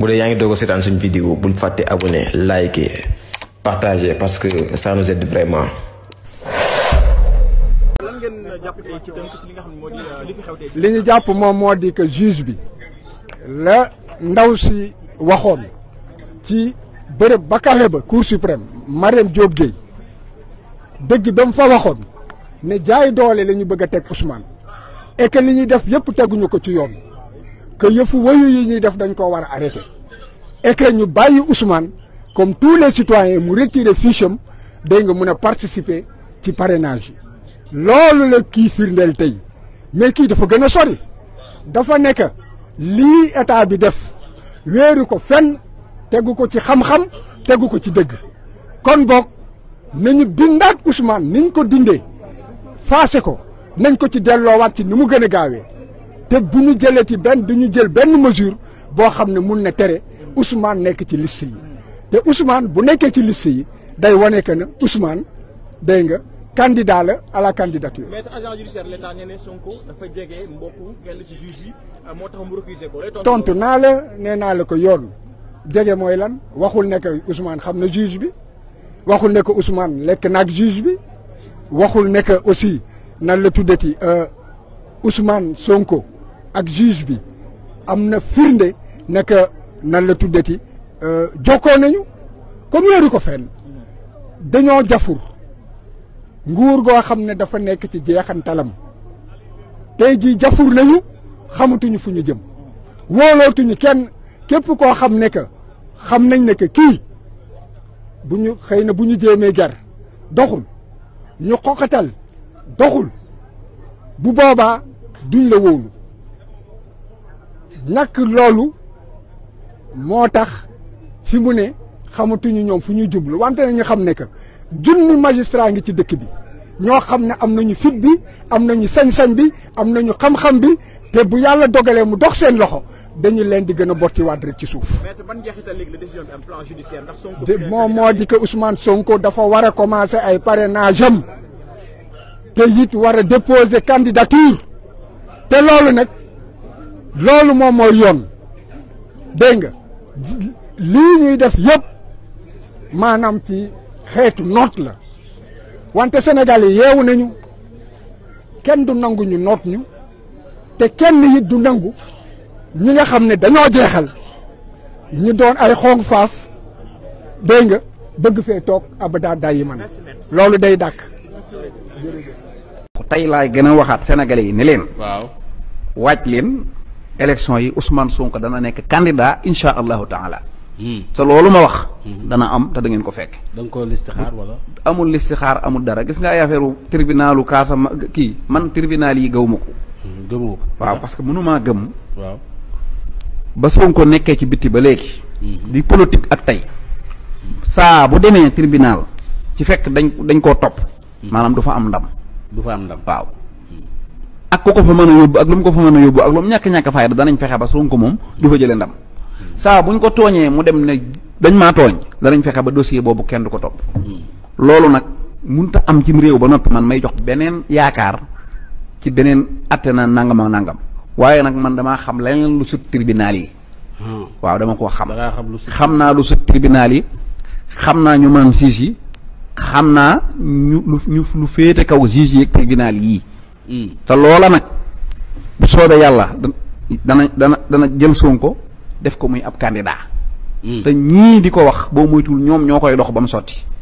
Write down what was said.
bu dee yaa ngi doog a seetaan suñu vidéo bul fàtte abonné liker partager parce que ça nous aide vraiment. lan ngeen jàpp tey ci tënk ci li nga jàpp moom moo di que juge bi la ndaw si waxoon ci bërëb ba kale ba cour suprême Marème Diop Gueye dëgg ba mu fa waxoon ne jaay doole la ñu bëgg teg Ousmane et li ñuy def yëpp teguñu ko ci yoon. que yëfu wayu yi ñuy def dañ koo war a arrêté et ñu bàyyi Ousmane comme tous les citoyens mu retiré fiche am dégg nga mun a participer ci parrainage yi loolu la kii firndeel tey mais kii dafa gën a sori dafa nekk lii état bi def wéeru ko fenn tegu ko ci xam-xam tegu ko ci dëgg kon boog nañu dindaat Ousmane niñ ko dindee faase ko nañ ko ci delloowaat ci ni mu gën a gaawee te bu ñu jëlee ci benn du ñu jël benn mesure boo xam ne mun na tere Ousmane nekk ci liste yi te Ousmane bu nekkee ci liste yi day wane que ne Ousmane day nga candidat la à la agent judiciaire l'État nee Sonko dafa jege mbokku euh, moo tax mu refusé ko. tontu naa la nee naa la ko yoon jege mooy lan waxul ne que xam na juge bi waxul ne que Ousmane lekk naag juge bi waxul ne aussi nan la tuddati euh, Ousmane Sonko. ak juge bi am na firnde nekk nan la tuddati euh, jokkoo nañu comme yéeru ko fenn dañoo jafur nguur goo xam ne dafa nekk ci jeexantalam tey jii jafur nañu xamatuñu fu ñu jëm wóolootuñu kenn képp koo xam ne que xam nañ ne que kii bu ñu xëy na bu ñu jéemee ger doxul ñu xoqatal doxul bu boobaa duñ la wóolu nak loolu moo tax fi mu ne xamatuñu ñoom fu ñuy jublu wante na ñu xam ne que junni magistrat ngi ci dëkk bi ñoo xam ne am nañu fit bi am nañu sañ-sañ bi am na ñu xam-xam bi te bu yàlla dogalee mu dox seen loxo dañu leen di gën a bottiwaat rek ci suuf. moom moo di que Ousmane Sonko dafa war a commencer ay parrainage am te it war a déposer candidature te loolu nag loolu moom mooy yoon dégg nga lii ñuy def yëpp maanaam ci xeetu noot la wante senegal yi yeewu nañu kenn du nangu ñu noot ñu te kenn it du nangu ñi nga xam ne dañoo jeexal ñu doon ay xong faaf dégg nga bëgg fee toog abada day yi mane loolu day dàkk tey lay gën a waxaat senegal yi ni leen waaw waaj leen élection yi Ousmane Sonko dana nek candidat insha allahu taala. sa hmm. lolou ma wax. Hmm. dana am ta da ngeen ko fekk. dang ko listikhar wala. amul listikhar amul dara gis nga ay affaireu tribunalu kasa ki man tribunal yi gawmako ko. Hmm, gëmoo waaw parce que munuma gem waaw ba Sonko ci biti ba di politique ak tay sa bu tribunal ci fekk dañ dañ top topp. maanaam du fa am ndam. du fa am ndam waaw. ak ku ko fa mën a yóbbu ak lu mu ko fa mën a yóbbu ak lu mu ñàkk-ñàkk fayda danañ fexe ba Sonko moom du fa jëlee ndam saa bu ñu ko tooñee mu dem ne dañ maa tooñ danañ fexe ba dossier boobu kenn du ko topp loolu nag munta am cim réew ba noppi man may jox beneen yaakaar ci beneen atte na nangam ak nangam waaye nag man damaa xam leneen lu sut tribunal yi hmm. waaw dama koo xam xam naa lu sut tribunal yi xam naa ñu maam siis yi xam naa ñu lu ñu lu féete kaw juge yi ak tribunal yii te loola nag bu soobee yàlla dana dana dana jël Sonko def ko muy ab candidat. Mm. te ñii di ko wax boo moytuwul ñoom ñoo koy dox ba mu sotti.